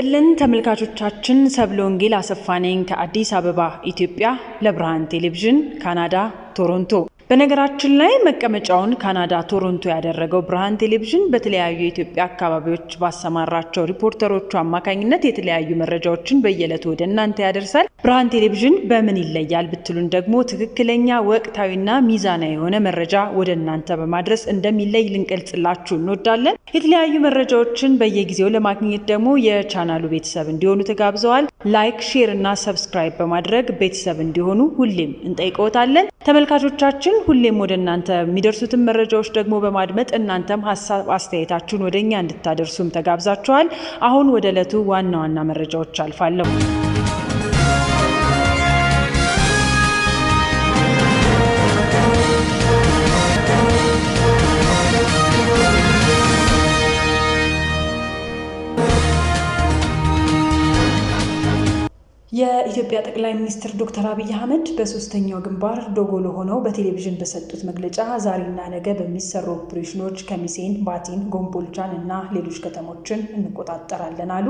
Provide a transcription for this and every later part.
ይስጥልን ተመልካቾቻችን፣ ሰብለ ወንጌል አሰፋ ነኝ ከአዲስ አበባ ኢትዮጵያ ለብርሃን ቴሌቪዥን ካናዳ ቶሮንቶ። በነገራችን ላይ መቀመጫውን ካናዳ ቶሮንቶ ያደረገው ብርሃን ቴሌቪዥን በተለያዩ የኢትዮጵያ አካባቢዎች ባሰማራቸው ሪፖርተሮቹ አማካኝነት የተለያዩ መረጃዎችን በየዕለቱ ወደ እናንተ ያደርሳል። ብርሃን ቴሌቪዥን በምን ይለያል ብትሉን ደግሞ ትክክለኛ ወቅታዊና ሚዛናዊ የሆነ መረጃ ወደ እናንተ በማድረስ እንደሚለይ ልንገልጽላችሁ እንወዳለን። የተለያዩ መረጃዎችን በየጊዜው ለማግኘት ደግሞ የቻናሉ ቤተሰብ እንዲሆኑ ተጋብዘዋል። ላይክ፣ ሼር እና ሰብስክራይብ በማድረግ ቤተሰብ እንዲሆኑ ሁሌም እንጠይቀዎታለን ተመልካቾቻችን ሁሌም ወደ እናንተ የሚደርሱትን መረጃዎች ደግሞ በማድመጥ እናንተም ሀሳብ አስተያየታችሁን ወደ እኛ እንድታደርሱም ተጋብዛችኋል። አሁን ወደ ዕለቱ ዋና ዋና መረጃዎች አልፋለሁ። የኢትዮጵያ ጠቅላይ ሚኒስትር ዶክተር አብይ አህመድ በሶስተኛው ግንባር ዶጎሎ ሆነው በቴሌቪዥን በሰጡት መግለጫ ዛሬና ነገ በሚሰሩ ኦፕሬሽኖች ከሚሴን፣ ባቲን፣ ጎንቦልቻን እና ሌሎች ከተሞችን እንቆጣጠራለን አሉ።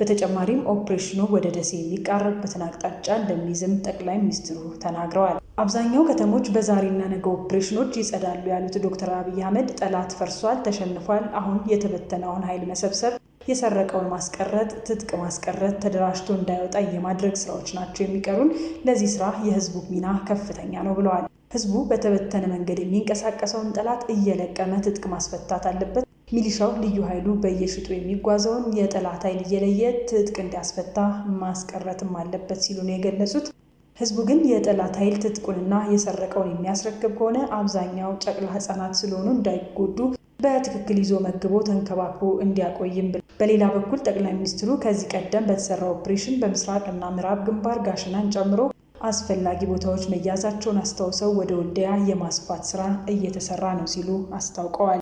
በተጨማሪም ኦፕሬሽኑ ወደ ደሴ የሚቃረብበትን አቅጣጫ እንደሚይዝም ጠቅላይ ሚኒስትሩ ተናግረዋል። አብዛኛው ከተሞች በዛሬና ነገ ኦፕሬሽኖች ይጸዳሉ ያሉት ዶክተር አብይ አህመድ ጠላት ፈርሷል፣ ተሸንፏል። አሁን የተበተነውን ኃይል መሰብሰብ የሰረቀውን ማስቀረት፣ ትጥቅ ማስቀረት፣ ተደራጅቶ እንዳይወጣ የማድረግ ስራዎች ናቸው የሚቀሩን። ለዚህ ስራ የህዝቡ ሚና ከፍተኛ ነው ብለዋል። ህዝቡ በተበተነ መንገድ የሚንቀሳቀሰውን ጠላት እየለቀመ ትጥቅ ማስፈታት አለበት። ሚሊሻው ልዩ ኃይሉ በየሽጡ የሚጓዘውን የጠላት ኃይል እየለየ ትጥቅ እንዲያስፈታ ማስቀረትም አለበት ሲሉ ነው የገለጹት። ህዝቡ ግን የጠላት ኃይል ትጥቁንና የሰረቀውን የሚያስረክብ ከሆነ አብዛኛው ጨቅላ ህጻናት ስለሆኑ እንዳይጎዱ በትክክል ይዞ መግቦ ተንከባክቦ እንዲያቆይም በሌላ በኩል ጠቅላይ ሚኒስትሩ ከዚህ ቀደም በተሰራ ኦፕሬሽን በምስራቅ እና ምዕራብ ግንባር ጋሽናን ጨምሮ አስፈላጊ ቦታዎች መያዛቸውን አስታውሰው ወደ ወልዲያ የማስፋት ስራ እየተሰራ ነው ሲሉ አስታውቀዋል።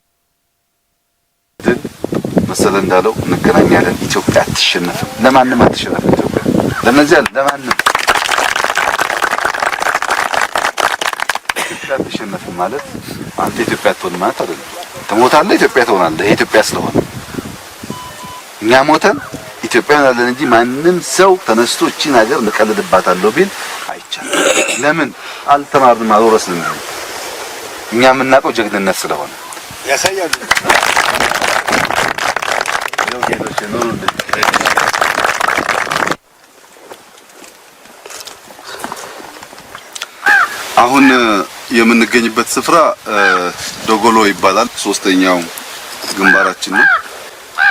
መሰለ እንዳለው እንገናኛለን። ኢትዮጵያ አትሸነፍም፣ ለማንም አትሸነፍም። ኢትዮጵያ ለነዚያ ለማንም ኢትዮጵያ አትሸነፍም ማለት አንተ ኢትዮጵያ ትሆን ማለት አይደለም። ትሞታለህ፣ ኢትዮጵያ ትሆናለህ። ኢትዮጵያ ስለሆነ እኛ ሞተን ኢትዮጵያን አለን እንጂ ማንም ሰው ተነስቶ እቺን ሀገር እንቀልድባታለሁ ቢል አይቻልም። ለምን አልተማርንም? አልወረስንም። እኛ የምናውቀው ጀግንነት ስለሆነ ያሳያሉ። አሁን የምንገኝበት ስፍራ ዶጎሎ ይባላል። ሶስተኛው ግንባራችን ነው።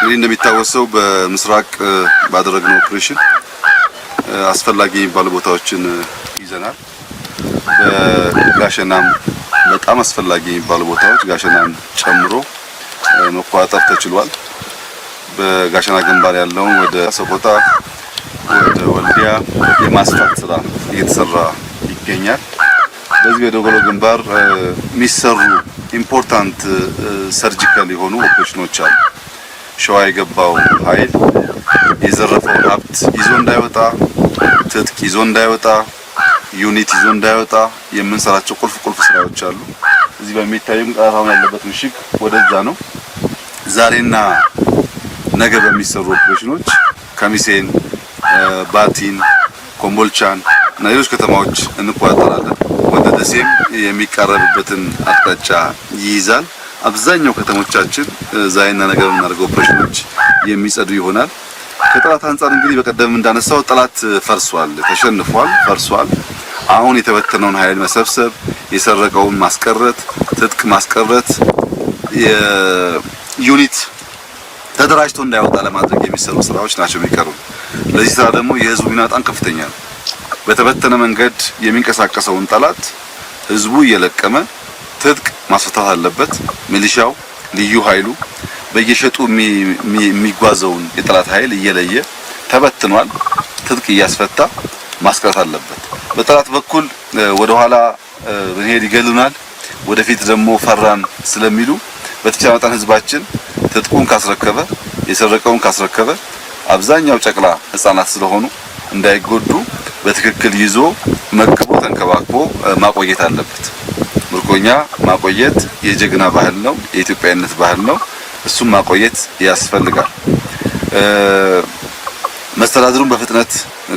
እንግዲህ እንደሚታወሰው በምስራቅ ባደረግነው ኦፕሬሽን አስፈላጊ የሚባሉ ቦታዎችን ይዘናል። በጋሸናም በጣም አስፈላጊ የሚባሉ ቦታዎች ጋሸናም ጨምሮ መቆጣጠር ተችሏል። በጋሸና ግንባር ያለውን ወደ ሰቆጣ፣ ወደ ወልዲያ የማስፋት ስራ እየተሰራ ይገኛል። በዚህ በደጎሎ ግንባር የሚሰሩ ኢምፖርታንት ሰርጂካል የሆኑ ኦፕሬሽኖች አሉ። ሸዋ የገባው ኃይል የዘረፈውን ሀብት ይዞ እንዳይወጣ፣ ትጥቅ ይዞ እንዳይወጣ፣ ዩኒት ይዞ እንዳይወጣ የምንሰራቸው ቁልፍ ቁልፍ ስራዎች አሉ። እዚህ በሚታየው ቅጣት ያለበት ምሽግ ወደዛ ነው። ዛሬና ነገ በሚሰሩ ኦፕሬሽኖች ከሚሴን፣ ባቲን፣ ኮምቦልቻን እና ሌሎች ከተማዎች እንቆጣጠራለን። ወደ ደሴም የሚቃረብበትን አቅጣጫ ይይዛል። አብዛኛው ከተሞቻችን ዛይና ነገር የምናደርገው ኦፕሬሽኖች የሚጸዱ ይሆናል። ከጠላት አንጻር እንግዲህ በቀደም እንዳነሳው ጠላት ፈርሷል፣ ተሸንፏል፣ ፈርሷል። አሁን የተበተነውን ኃይል መሰብሰብ፣ የሰረቀውን ማስቀረት፣ ትጥቅ ማስቀረት፣ የዩኒት ተደራጅቶ እንዳይወጣ ለማድረግ የሚሰሩ ስራዎች ናቸው የሚቀሩ። ለዚህ ስራ ደግሞ የህዝቡ ሚና በጣም ከፍተኛ ነው። በተበተነ መንገድ የሚንቀሳቀሰውን ጠላት ህዝቡ እየለቀመ ትጥቅ ማስፈታት አለበት። ሚሊሻው፣ ልዩ ኃይሉ በየሸጡ የሚጓዘውን የጠላት ኃይል እየለየ ተበትኗል። ትጥቅ እያስፈታ ማስቀረት አለበት። በጠላት በኩል ወደ ኋላ ብንሄድ ይገሉናል፣ ወደፊት ደግሞ ፈራን ስለሚሉ በተቻለ መጠን ህዝባችን ትጥቁን ካስረከበ የሰረቀውን ካስረከበ አብዛኛው ጨቅላ ህጻናት ስለሆኑ እንዳይጎዱ በትክክል ይዞ መግቦ ተንከባክቦ ማቆየት አለበት። ምርኮኛ ማቆየት የጀግና ባህል ነው፣ የኢትዮጵያዊነት ባህል ነው። እሱም ማቆየት ያስፈልጋል። መስተዳድሩን በፍጥነት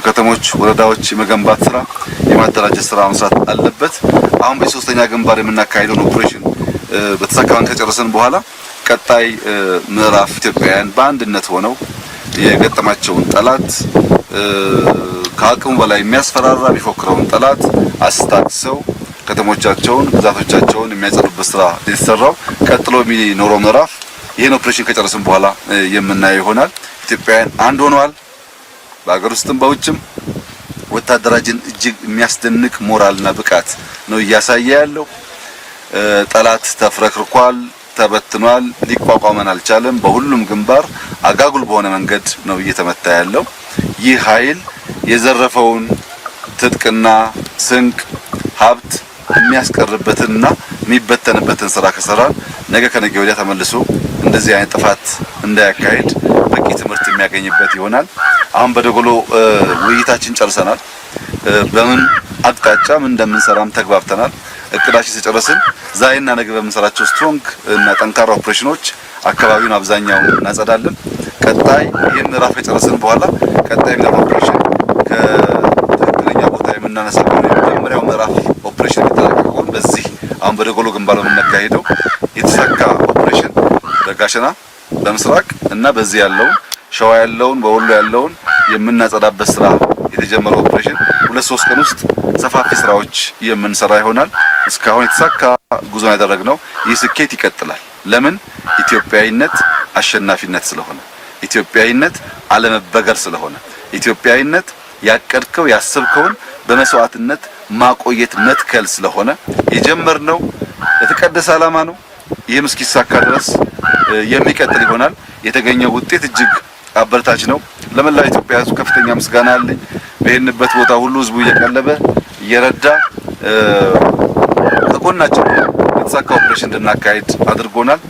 ከተሞች፣ ወረዳዎች የመገንባት ስራ የማደራጀት ስራ መስራት አለበት። አሁን በሶስተኛ ግንባር የምናካሄደውን ኦፕሬሽን በተሳካን ከጨረሰን በኋላ ቀጣይ ምዕራፍ ኢትዮጵያውያን በአንድነት ሆነው የገጠማቸውን ጠላት ከአቅሙ በላይ የሚያስፈራራ የሚፎክረውን ጠላት አስታግሰው ከተሞቻቸውን፣ ግዛቶቻቸውን የሚያጸዱበት ስራ የተሰራው ቀጥሎ የሚኖረው ምዕራፍ ይህን ኦፕሬሽን ከጨረስን በኋላ የምናየው ይሆናል። ኢትዮጵያውያን አንድ ሆነዋል። በሀገር ውስጥም በውጭም ወታደራችን እጅግ የሚያስደንቅ ሞራልና ብቃት ነው እያሳየ ያለው። ጠላት ተፍረክርኳል፣ ተበትኗል፣ ሊቋቋመን አልቻለም። በሁሉም ግንባር አጋጉል በሆነ መንገድ ነው እየተመታ ያለው። ይህ ኃይል የዘረፈውን ትጥቅና ስንቅ ሀብት የሚያስቀርበትንና የሚበተንበትን ስራ ከሰራን ነገ ከነገ ወዲያ ተመልሶ እንደዚህ አይነት ጥፋት እንዳያካሄድ በቂ ትምህርት የሚያገኝበት ይሆናል። አሁን በደጎሎ ውይይታችን ጨርሰናል። በምን አቅጣጫ ምን እንደምንሰራም ተግባብተናል። እቅዳችን ተጨረስን። ዛሬና ነገ በምንሰራቸው ስትሮንግ እና ጠንካራ ኦፕሬሽኖች አካባቢውን አብዛኛው እናጸዳለን። ቀጣይ ይህን ምዕራፍ የጨረስን በኋላ ቀጣይ ምዕራፍ ኦፕሬሽን ከትክክለኛ ቦታ የምናነሳ ከሆነ የመጀመሪያው ምዕራፍ አሁን በደጎሎ ግንባር የምናካሄደው የተሳካ ኦፕሬሽን በጋሸና በምስራቅ እና በዚህ ያለውን ሸዋ ያለውን በወሎ ያለውን የምናጸዳበት ስራ የተጀመረው ኦፕሬሽን ሁለት ሶስት ቀን ውስጥ ሰፋፊ ስራዎች የምንሰራ ይሆናል። እስካሁን የተሳካ ጉዞ ያደረግነው ይህ ስኬት ይቀጥላል። ለምን? ኢትዮጵያዊነት አሸናፊነት ስለሆነ፣ ኢትዮጵያዊነት አለመበገር ስለሆነ፣ ኢትዮጵያዊነት ያቀድከው ያሰብከውን በመስዋዕትነት ማቆየት መትከል ስለሆነ የጀመርነው ለተቀደሰ ዓላማ ነው። ይህም እስኪሳካ ድረስ የሚቀጥል ይሆናል። የተገኘው ውጤት እጅግ አበረታች ነው። ለመላ ኢትዮጵያ ሕዝብ ከፍተኛ ምስጋና አለኝ። በሄንበት ቦታ ሁሉ ሕዝቡ እየቀለበ እየረዳ ከጎናችን የተሳካ ኦፕሬሽን እንድናካሄድ አድርጎናል።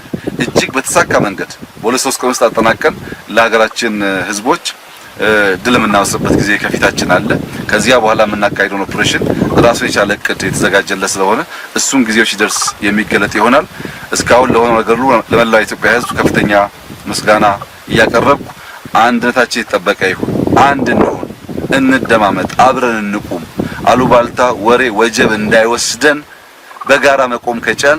እጅግ በተሳካ መንገድ በሁለት ሶስት ቀን ውስጥ አጠናቀን ለሀገራችን ሕዝቦች ድል የምናወስበት ጊዜ ከፊታችን አለ። ከዚያ በኋላ የምናካሄደውን ኦፕሬሽን ራሱ የቻለ እቅድ የተዘጋጀለት ስለሆነ እሱን ጊዜው ሲደርስ የሚገለጥ ይሆናል። እስካሁን ለሆነው ነገር ሁሉ ለመላው ኢትዮጵያ ሕዝብ ከፍተኛ ምስጋና እያቀረብኩ አንድነታችን የተጠበቀ ይሁን፣ አንድ እንሁን፣ እንደማመጥ፣ አብረን እንቁም። አሉባልታ ወሬ፣ ወጀብ እንዳይወስደን በጋራ መቆም ከቻል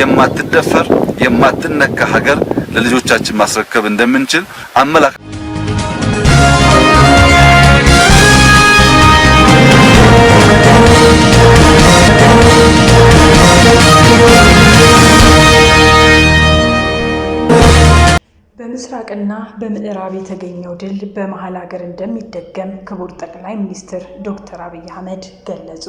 የማትደፈር የማትነካ ሀገር ለልጆቻችን ማስረከብ እንደምንችል አመላክ በምስራቅና በምዕራብ የተገኘው ድል በመሀል ሀገር እንደሚደገም ክቡር ጠቅላይ ሚኒስትር ዶክተር አብይ አህመድ ገለጹ።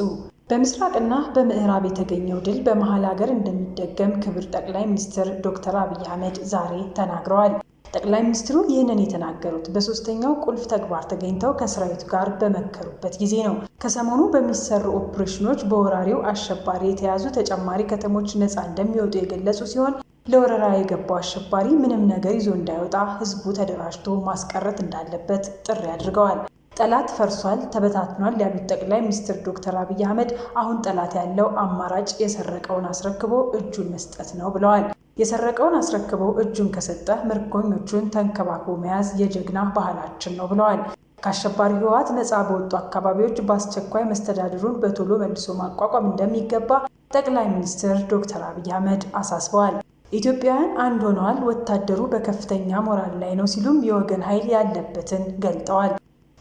በምስራቅና በምዕራብ የተገኘው ድል በመሀል ሀገር እንደሚደገም ክቡር ጠቅላይ ሚኒስትር ዶክተር አብይ አህመድ ዛሬ ተናግረዋል። ጠቅላይ ሚኒስትሩ ይህንን የተናገሩት በሶስተኛው ቁልፍ ተግባር ተገኝተው ከሰራዊቱ ጋር በመከሩበት ጊዜ ነው። ከሰሞኑ በሚሰሩ ኦፕሬሽኖች በወራሪው አሸባሪ የተያዙ ተጨማሪ ከተሞች ነፃ እንደሚወጡ የገለጹ ሲሆን ለወረራ የገባው አሸባሪ ምንም ነገር ይዞ እንዳይወጣ ህዝቡ ተደራጅቶ ማስቀረት እንዳለበት ጥሪ አድርገዋል። ጠላት ፈርሷል፣ ተበታትኗል ያሉት ጠቅላይ ሚኒስትር ዶክተር አብይ አህመድ አሁን ጠላት ያለው አማራጭ የሰረቀውን አስረክቦ እጁን መስጠት ነው ብለዋል። የሰረቀውን አስረክበው እጁን ከሰጠ ምርኮኞቹን ተንከባክቦ መያዝ የጀግና ባህላችን ነው ብለዋል። ከአሸባሪ ህወሓት ነፃ በወጡ አካባቢዎች በአስቸኳይ መስተዳድሩን በቶሎ መልሶ ማቋቋም እንደሚገባ ጠቅላይ ሚኒስትር ዶክተር አብይ አህመድ አሳስበዋል። ኢትዮጵያውያን አንድ ሆነዋል፣ ወታደሩ በከፍተኛ ሞራል ላይ ነው ሲሉም የወገን ኃይል ያለበትን ገልጠዋል።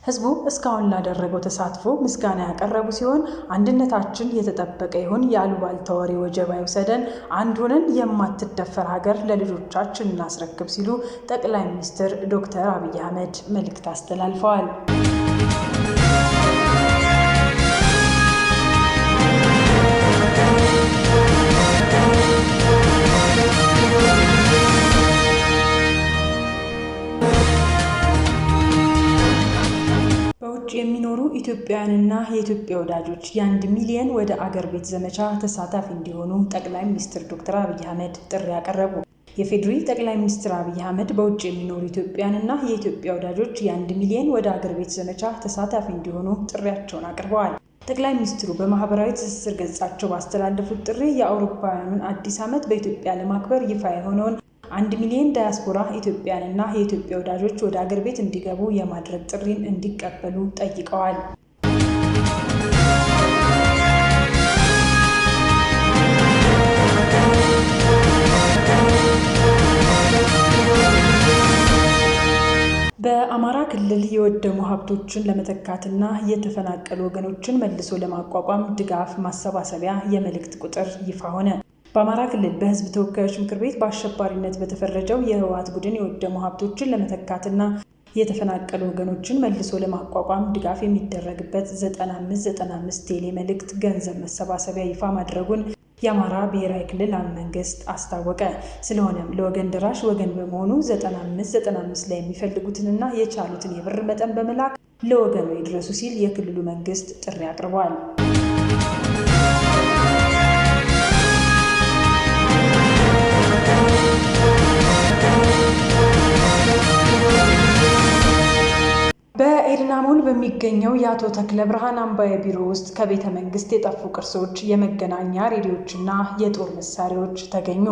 ህዝቡ እስካሁን ላደረገው ተሳትፎ ምስጋና ያቀረቡ ሲሆን አንድነታችን የተጠበቀ ይሁን፣ የአሉባልታ ወሬ ወጀባ ይውሰደን፣ አንድ ሆነን የማትደፈር ሀገር ለልጆቻችን እናስረክብ ሲሉ ጠቅላይ ሚኒስትር ዶክተር አብይ አህመድ መልእክት አስተላልፈዋል። በውጭ የሚኖሩ ኢትዮጵያውያንና የኢትዮጵያ ወዳጆች የአንድ ሚሊየን ወደ አገር ቤት ዘመቻ ተሳታፊ እንዲሆኑ ጠቅላይ ሚኒስትር ዶክተር አብይ አህመድ ጥሪ አቀረቡ። የፌዴሪ ጠቅላይ ሚኒስትር አብይ አህመድ በውጭ የሚኖሩ ኢትዮጵያውያንና የኢትዮጵያ ወዳጆች የአንድ ሚሊየን ወደ አገር ቤት ዘመቻ ተሳታፊ እንዲሆኑ ጥሪያቸውን አቅርበዋል። ጠቅላይ ሚኒስትሩ በማህበራዊ ትስስር ገጻቸው ባስተላለፉት ጥሪ የአውሮፓውያኑን አዲስ ዓመት በኢትዮጵያ ለማክበር ይፋ የሆነውን አንድ ሚሊዮን ዳያስፖራ ኢትዮጵያንና የኢትዮጵያ ወዳጆች ወደ አገር ቤት እንዲገቡ የማድረግ ጥሪን እንዲቀበሉ ጠይቀዋል። በአማራ ክልል የወደሙ ሀብቶችን ለመተካትና የተፈናቀሉ ወገኖችን መልሶ ለማቋቋም ድጋፍ ማሰባሰቢያ የመልእክት ቁጥር ይፋ ሆነ። በአማራ ክልል በህዝብ ተወካዮች ምክር ቤት በአሸባሪነት በተፈረጀው የህወሀት ቡድን የወደሙ ሀብቶችን ለመተካትና የተፈናቀሉ ወገኖችን መልሶ ለማቋቋም ድጋፍ የሚደረግበት 9595 ቴሌ መልእክት ገንዘብ መሰባሰቢያ ይፋ ማድረጉን የአማራ ብሔራዊ ክልል መንግስት አስታወቀ። ስለሆነም ለወገን ደራሽ ወገን በመሆኑ 9595 ላይ የሚፈልጉትንና የቻሉትን የብር መጠን በመላክ ለወገኑ ይድረሱ ሲል የክልሉ መንግስት ጥሪ አቅርቧል። በዳሞል በሚገኘው የአቶ ተክለ ብርሃን አምባዬ ቢሮ ውስጥ ከቤተ መንግስት የጠፉ ቅርሶች፣ የመገናኛ ሬዲዮችና የጦር መሳሪያዎች ተገኙ።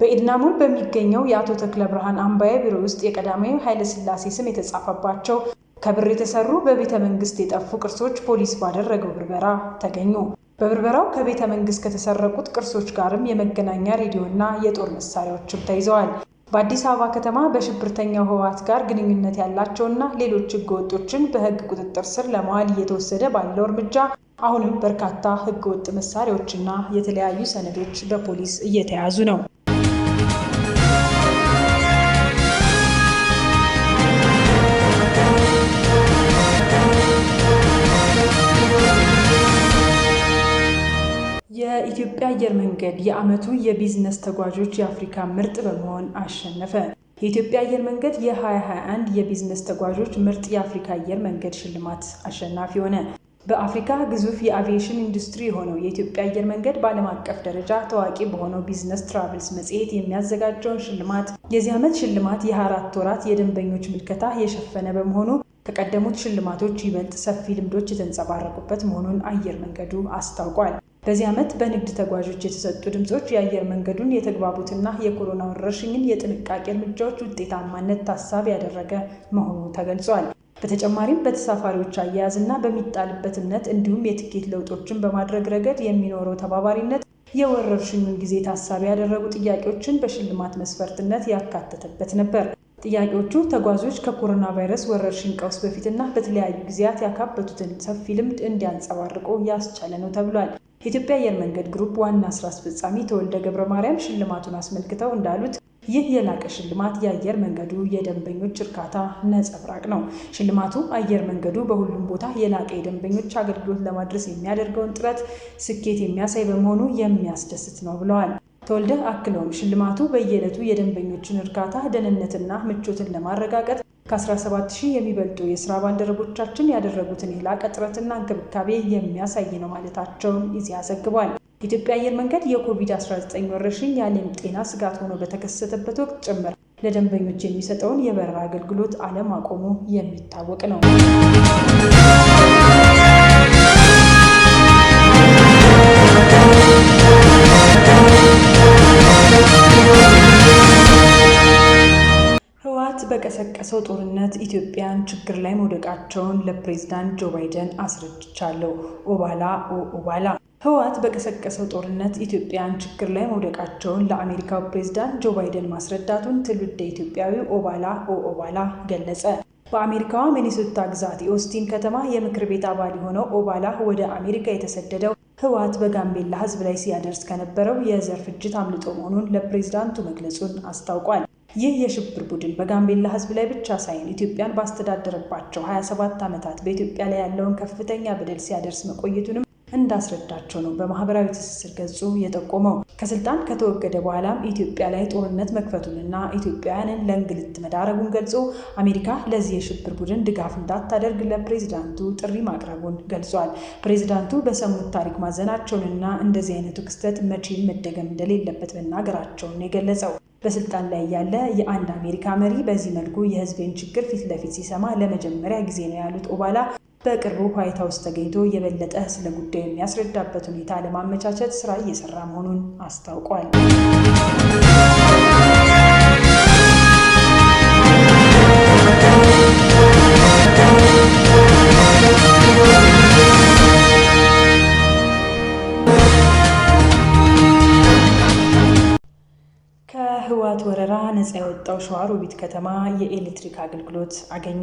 በኢድናሙል በሚገኘው የአቶ ተክለ ብርሃን አምባዬ ቢሮ ውስጥ የቀዳማዊ ኃይለስላሴ ስም የተጻፈባቸው ከብር የተሰሩ በቤተ መንግስት የጠፉ ቅርሶች ፖሊስ ባደረገው ብርበራ ተገኙ። በብርበራው ከቤተ መንግስት ከተሰረቁት ቅርሶች ጋርም የመገናኛ ሬዲዮና የጦር መሳሪያዎችም ተይዘዋል። በአዲስ አበባ ከተማ በሽብርተኛው ህወሓት ጋር ግንኙነት ያላቸውና ሌሎች ህገወጦችን በህግ ቁጥጥር ስር ለማዋል እየተወሰደ ባለው እርምጃ አሁንም በርካታ ህገወጥ መሳሪያዎችና የተለያዩ ሰነዶች በፖሊስ እየተያዙ ነው። የኢትዮጵያ አየር መንገድ የዓመቱ የቢዝነስ ተጓዦች የአፍሪካ ምርጥ በመሆን አሸነፈ። የኢትዮጵያ አየር መንገድ የ2021 የቢዝነስ ተጓዦች ምርጥ የአፍሪካ አየር መንገድ ሽልማት አሸናፊ ሆነ። በአፍሪካ ግዙፍ የአቪዬሽን ኢንዱስትሪ የሆነው የኢትዮጵያ አየር መንገድ በዓለም አቀፍ ደረጃ ታዋቂ በሆነው ቢዝነስ ትራቭልስ መጽሔት የሚያዘጋጀውን ሽልማት የዚህ ዓመት ሽልማት የአራት ወራት የደንበኞች ምልከታ የሸፈነ በመሆኑ ከቀደሙት ሽልማቶች ይበልጥ ሰፊ ልምዶች የተንጸባረቁበት መሆኑን አየር መንገዱ አስታውቋል። በዚህ ዓመት በንግድ ተጓዦች የተሰጡ ድምፆች የአየር መንገዱን የተግባቡትና የኮሮና ወረርሽኝን የጥንቃቄ እርምጃዎች ውጤታማነት ታሳቢ ያደረገ መሆኑ ተገልጿል። በተጨማሪም በተሳፋሪዎች አያያዝ እና በሚጣልበት እምነት እንዲሁም የትኬት ለውጦችን በማድረግ ረገድ የሚኖረው ተባባሪነት የወረርሽኙን ጊዜ ታሳቢ ያደረጉ ጥያቄዎችን በሽልማት መስፈርትነት ያካተተበት ነበር። ጥያቄዎቹ ተጓዦች ከኮሮና ቫይረስ ወረርሽኝ ቀውስ በፊትና በተለያዩ ጊዜያት ያካበቱትን ሰፊ ልምድ እንዲያንጸባርቁ ያስቻለ ነው ተብሏል። የኢትዮጵያ አየር መንገድ ግሩፕ ዋና ስራ አስፈጻሚ ተወልደ ገብረ ማርያም ሽልማቱን አስመልክተው እንዳሉት ይህ የላቀ ሽልማት የአየር መንገዱ የደንበኞች እርካታ ነጸብራቅ ነው። ሽልማቱ አየር መንገዱ በሁሉም ቦታ የላቀ የደንበኞች አገልግሎት ለማድረስ የሚያደርገውን ጥረት ስኬት የሚያሳይ በመሆኑ የሚያስደስት ነው ብለዋል። ተወልደ አክለውም ሽልማቱ በየዕለቱ የደንበኞችን እርካታ፣ ደህንነትና ምቾትን ለማረጋገጥ ከ17 ሺህ የሚበልጡ የስራ ባልደረቦቻችን ያደረጉትን የላቀ ጥረትና እንክብካቤ የሚያሳይ ነው ማለታቸውን ኢዜአ ዘግቧል። የኢትዮጵያ አየር መንገድ የኮቪድ-19 ወረርሽኝ የዓለም ጤና ስጋት ሆኖ በተከሰተበት ወቅት ጭምር ለደንበኞች የሚሰጠውን የበረራ አገልግሎት አለማቆሙ የሚታወቅ ነው። በቀሰቀሰው ጦርነት ኢትዮጵያን ችግር ላይ መውደቃቸውን ለፕሬዝዳንት ጆ ባይደን አስረድቻለሁ። ኦባላ ኦባላ ህወሓት በቀሰቀሰው ጦርነት ኢትዮጵያን ችግር ላይ መውደቃቸውን ለአሜሪካው ፕሬዝዳንት ጆ ባይደን ማስረዳቱን ትውልደ ኢትዮጵያዊ ኦባላ ኦባላ ገለጸ። በአሜሪካዋ ሚኒሶታ ግዛት የኦስቲን ከተማ የምክር ቤት አባል የሆነው ኦባላ ወደ አሜሪካ የተሰደደው ህወሓት በጋምቤላ ህዝብ ላይ ሲያደርስ ከነበረው የዘር ፍጅት አምልጦ መሆኑን ለፕሬዝዳንቱ መግለጹን አስታውቋል። ይህ የሽብር ቡድን በጋምቤላ ህዝብ ላይ ብቻ ሳይሆን ኢትዮጵያን ባስተዳደረባቸው 27 ዓመታት በኢትዮጵያ ላይ ያለውን ከፍተኛ በደል ሲያደርስ መቆየቱንም እንዳስረዳቸው ነው በማህበራዊ ትስስር ገጹ የጠቆመው። ከስልጣን ከተወገደ በኋላም ኢትዮጵያ ላይ ጦርነት መክፈቱንና ኢትዮጵያውያንን ለእንግልት መዳረጉን ገልጾ አሜሪካ ለዚህ የሽብር ቡድን ድጋፍ እንዳታደርግ ለፕሬዚዳንቱ ጥሪ ማቅረቡን ገልጿል። ፕሬዚዳንቱ በሰሙት ታሪክ ማዘናቸውንና እንደዚህ አይነቱ ክስተት መቼም መደገም እንደሌለበት መናገራቸውን የገለጸው በስልጣን ላይ ያለ የአንድ አሜሪካ መሪ በዚህ መልኩ የህዝብን ችግር ፊት ለፊት ሲሰማ ለመጀመሪያ ጊዜ ነው ያሉት ኦባላ በቅርቡ ዋይት ሀውስ ተገኝቶ የበለጠ ስለ ጉዳዩ የሚያስረዳበት ሁኔታ ለማመቻቸት ስራ እየሰራ መሆኑን አስታውቋል። ነፃ የወጣው ሸዋሮቢት ከተማ የኤሌክትሪክ አገልግሎት አገኘ።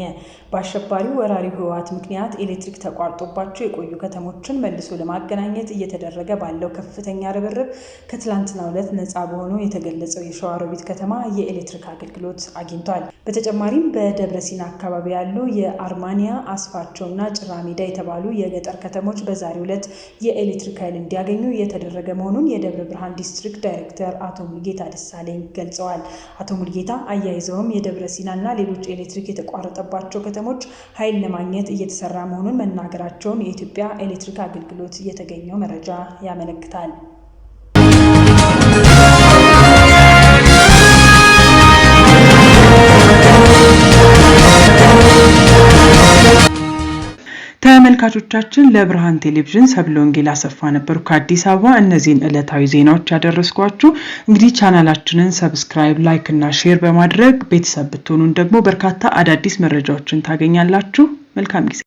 በአሸባሪው ወራሪ ህወሓት ምክንያት ኤሌክትሪክ ተቋርጦባቸው የቆዩ ከተሞችን መልሶ ለማገናኘት እየተደረገ ባለው ከፍተኛ ርብርብ ከትላንትና ዕለት ነፃ በሆኑ የተገለጸው የሸዋሮቢት ከተማ የኤሌክትሪክ አገልግሎት አግኝቷል። በተጨማሪም በደብረ አካባቢ ያሉ የአርማንያ አስፋቸውና ጭራ ሜዳ የተባሉ የገጠር ከተሞች በዛሬው ዕለት የኤሌክትሪክ ኃይል እንዲያገኙ እየተደረገ መሆኑን የደብረ ብርሃን ዲስትሪክት ዳይሬክተር አቶ ሙሉጌታ ደሳለኝ ገልጸዋል። አቶ ሙልጌታ አያይዘውም የደብረ ሲናና ሌሎች ኤሌክትሪክ የተቋረጠባቸው ከተሞች ኃይል ለማግኘት እየተሰራ መሆኑን መናገራቸውን የኢትዮጵያ ኤሌክትሪክ አገልግሎት የተገኘው መረጃ ያመለክታል። ተመልካቾቻችን ለብርሃን ቴሌቪዥን ሰብለ ወንጌል አሰፋ ነበሩ ከአዲስ አበባ። እነዚህን ዕለታዊ ዜናዎች ያደረስኳችሁ እንግዲህ ቻናላችንን ሰብስክራይብ፣ ላይክ እና ሼር በማድረግ ቤተሰብ ብትሆኑን ደግሞ በርካታ አዳዲስ መረጃዎችን ታገኛላችሁ። መልካም ጊዜ